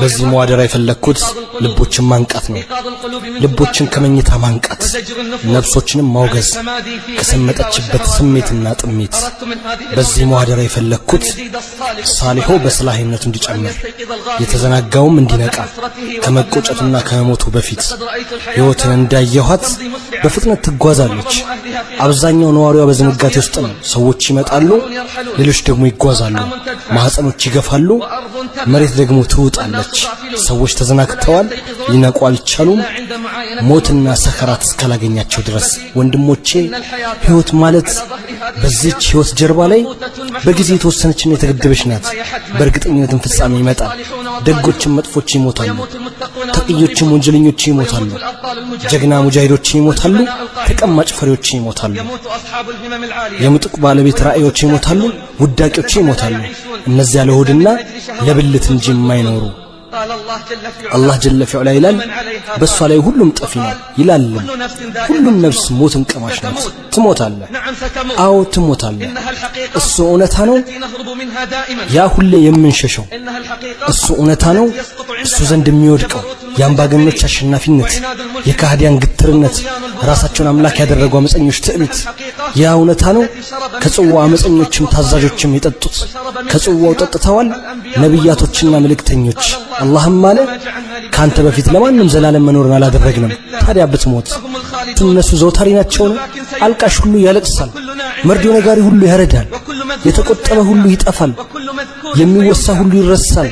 በዚህ መዋደራ የፈለግኩት ልቦችን ማንቃት ነው። ልቦችን ከመኝታ ማንቃት፣ ነፍሶችንም ማውገዝ ከሰመጠችበት ስሜትና ጥሜት። በዚህ መዋደራ የፈለግኩት ሳሊሆ በስላህነቱ እንዲጨምር የተዘናጋውም እንዲነቃ ከመቆጨቱና ከመሞቱ በፊት ሕይወትን እንዳየኋት በፍጥነት ትጓዛለች። አብዛኛው ነዋሪዋ በዝንጋቴ ውስጥ ነው። ሰዎች ይመጣሉ፣ ሌሎች ደግሞ ይጓዛሉ። ማኅፀኖች ይገፋሉ፣ መሬት ደግሞ ትውጣል። ትወርዳለች። ሰዎች ተዘናግተዋል፣ ሊነቁ አልቻሉም። ሞትና ሰከራት እስካላገኛቸው ድረስ ወንድሞቼ፣ ህይወት ማለት በዚች ህይወት ጀርባ ላይ በጊዜ የተወሰነችና የተገደበች ናት። በእርግጠኝነትም ፍጻሜ ይመጣል። ደጎችም መጥፎች ይሞታሉ፣ ተቅዮችም ወንጀለኞች ይሞታሉ፣ ጀግና ሙጃሂዶች ይሞታሉ፣ ተቀማጭ ፈሪዎች ይሞታሉ፣ የምጡቅ ባለቤት ራእዮች ይሞታሉ፣ ውዳቂዎች ይሞታሉ። እነዚያ ለሆድና ለብልት እንጂ የማይኖሩ አላህ ጀለፊው ላይ ይላል በእሷ ላይ ሁሉም ጠፊ ነው ይላል። ሁሉም ነፍስ ሞትን ቀማሽ ናት። ትሞታለህ። አዎ ትሞታለህ። እሱ እውነታ ነው። ያ ሁሌ የምንሸሸው እሱ እውነታ ነው። እሱ ዘንድ የሚወድቀው የአምባገኖች አሸናፊነት፣ የካህዲያን ግትርነት፣ ራሳቸውን አምላክ ያደረጉ አመፀኞች ትዕቢት። ያ እውነታ ነው። ከጽዋ አመፀኞችም ታዛዦችም የጠጡት ከጽዋው ጠጥተዋል። ነቢያቶችና መልእክተኞች አላህም አለ ከአንተ በፊት ለማንም ዘላለም መኖርን አላደረግንም። ታዲያ ብትሞት እነሱ ዘውታሪ ናቸው ነው። አልቃሽ ሁሉ ያለቅሳል፣ መርዶ ነጋሪ ሁሉ ያረዳል፣ የተቆጠበ ሁሉ ይጠፋል፣ የሚወሳ ሁሉ ይረሳል።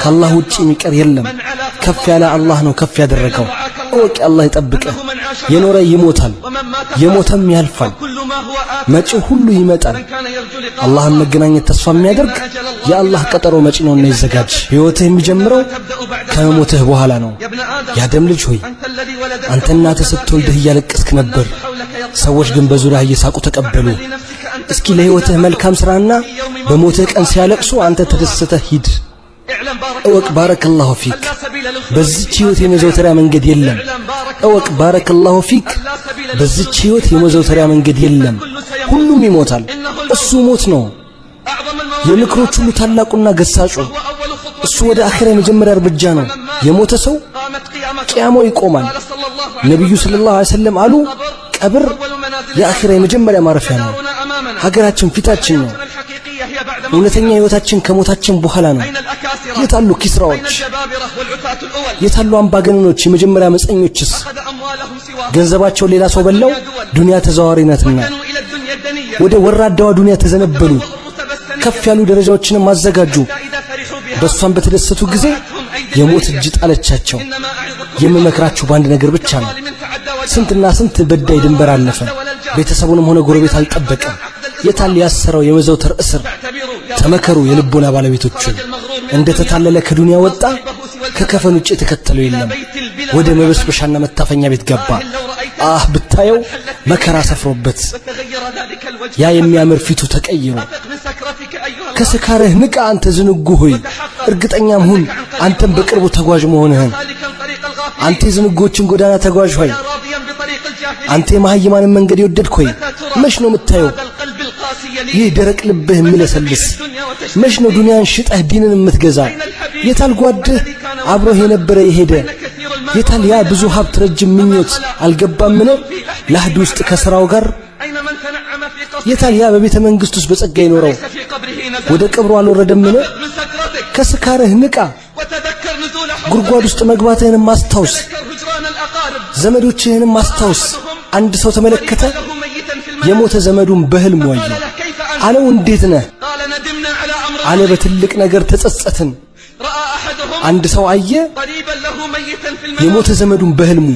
ከአላህ ውጭ የሚቀር የለም። ከፍ ያለ አላህ ነው ከፍ ያደረገው። እወቅ፣ አላህ ይጠብቅህ። የኖረ ይሞታል፣ የሞተም ያልፋል። መጪው ሁሉ ይመጣል። አላህን መገናኘት ተስፋ የሚያደርግ የአላህ ቀጠሮ መጪ ነው እና ይዘጋጅ። ሕይወትህ የሚጀምረው ከሞትህ በኋላ ነው። የአደም ልጅ ሆይ አንተ እናትህ ስትወልድህ እያለቀስክ ነበር፣ ሰዎች ግን በዙሪያ እየሳቁ ተቀበሉ። እስኪ ለሕይወትህ መልካም ሥራና በሞትህ ቀን ሲያለቅሱ አንተ ተደስተህ ሂድ። እወቅ ባረከላሁ ፊክ በዚች ህይወት የመዘውተሪያ መንገድ የለም። እወቅ። ባረከላሁ ፊክ። በዚች ህይወት የመዘውተሪያ መንገድ የለም። ሁሉም ይሞታል። እሱ ሞት ነው። የምክሮች ሁሉ ታላቁና ገሳጩ እሱ ወደ አኺራ የመጀመሪያ እርምጃ ነው። የሞተ ሰው ቅያማው ይቆማል። ነቢዩ ሰለላሁ ዐለይሂ ወሰለም አሉ፣ ቀብር የአኺራ የመጀመሪያ ማረፊያ ነው። ሀገራችን ፊታችን ነው። እውነተኛ ህይወታችን ከሞታችን በኋላ ነው። የታሉ ኪስራዎች? የታሉ አምባገነኖች? የመጀመሪያ መጸኞችስ ገንዘባቸው ሌላ ሰው በላው። ዱንያ ተዘዋዋሪ ናትና ወደ ወራዳዋ ዱንያ ተዘነበሉ። ከፍ ያሉ ደረጃዎችን ማዘጋጁ። በእሷን በተደሰቱ ጊዜ የሞት እጅ ጣለቻቸው። የምመክራችሁ በአንድ ነገር ብቻ ነው። ስንትና ስንት በዳይ ድንበር አለፈ፣ ቤተሰቡንም ሆነ ጎረቤት አልጠበቀም። የታል ያሰረው የመዘውተር እስር? ተመከሩ የልቦና ባለቤቶቹ እንደ ተታለለ ከዱንያ ወጣ፣ ከከፈን ውጭ የተከተለው የለም። ወደ መበስበሻና መታፈኛ ቤት ገባ። አህ ብታየው መከራ ሰፍሮበት ያ የሚያምር ፊቱ ተቀይሮ፣ ከስካርህ ንቃ አንተ ዝንጉ ሆይ፣ እርግጠኛም ሁን አንተም በቅርቡ ተጓዥ መሆንህን። አንተ የዝንጎችን ጎዳና ተጓዥ ሆይ፣ አንተ የመሃይማንን መንገድ የወደድክ ሆይ፣ መች ነው የምታየው ይህ ደረቅ ልብህ የሚለሰልስ መች ነው ዱንያን ሽጠህ ዲንን የምትገዛ? የታል ጓድህ አብሮህ የነበረ የሄደ? የታል ያ ብዙ ሀብት ረጅም ምኞት አልገባምን? ለአህድ ውስጥ ከሥራው ጋር የታል ያ በቤተ መንግሥት ውስጥ በጸጋ ይኖረው ወደ ቀብሩ አልወረደምን? ከስካርህ ንቃ። ጉድጓድ ውስጥ መግባትህን ማስታውስ፣ ዘመዶችህን ማስታውስ። አንድ ሰው ተመለከተ፣ የሞተ ዘመዱን በህልም ዋየው። አለው እንዴት ነህ አለ በትልቅ ነገር ተጸጸትን አንድ ሰው አየ የሞተ ዘመዱን በህልሙ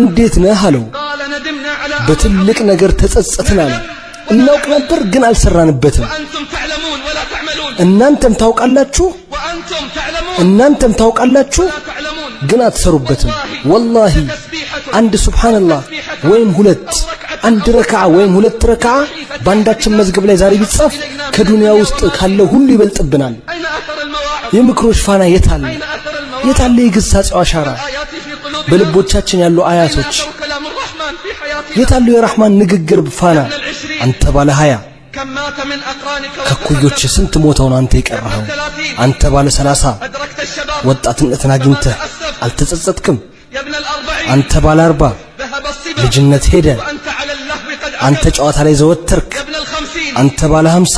እንዴት ነህ አለው በትልቅ ነገር ተጸጸትን አለ እናውቅ ነበር ግን አልሰራንበትም እናንተም ታውቃላችሁ እናንተም ታውቃላችሁ ግን አትሰሩበትም ወላሂ አንድ ሱብሓነላህ ወይም ሁለት አንድ ረካ ወይም ሁለት ረካ በአንዳችን መዝገብ ላይ ዛሬ ቢጻፍ ከዱንያ ውስጥ ካለው ሁሉ ይበልጥብናል። የምክሮች ፋና የታለ? የታለ የግሳጼው አሻራ? በልቦቻችን ያሉ አያቶች የታሉ? የራህማን ንግግር ፋና አንተ ባለ ሀያ ከኩዮች ስንት ሞተውን አንተ የቀረኸው አንተ ባለ ሰላሳ ወጣትነትን አግኝተህ አልተጸጸጥክም አንተ ባለ አርባ ልጅነት ሄደ አንተ ጨዋታ ላይ ዘወትርክ፣ አንተ ባለ ሀምሳ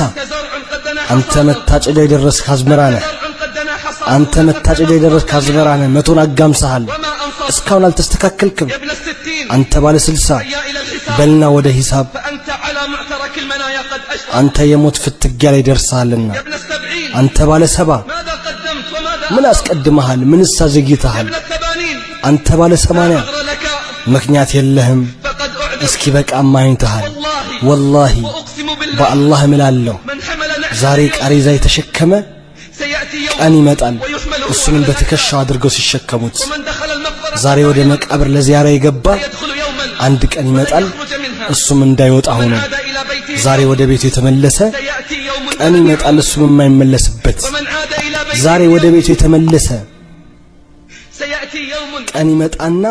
አንተ መታጨጃ የደረስክ አዝመራ ነህ። አንተ መታጨጃ የደረስክ አዝመራ ነህ። መቶን አጋምሰሃል፣ እስካሁን አልተስተካከልክም። አንተ ባለ ስልሳ በልና ወደ ሂሳብ አንተ የሞት ፍትጊያ ላይ ደርሰሃልና። አንተ ባለ ሰባ ምን አስቀድመሃል? ምንስ አዘግይተሃል? አንተ ባለ ሰማንያ ምክንያት የለህም። እስኪ በቃ ማኝተሃል። ወላሂ በአላህ እምላለሁ ዛሬ ቃሬዛ የተሸከመ ቀን ይመጣል። እሱንም በትከሻው አድርገው ሲሸከሙት ዛሬ ወደ መቃብር ለዚያራ የገባ አንድ ቀን ይመጣል። እሱም እንዳይወጣ ሆኖ ዛሬ ወደ ቤቱ የተመለሰ ቀን ይመጣል። እሱም የማይመለስበት ዛሬ ወደ ቤቱ የተመለሰ ቀን ይመጣና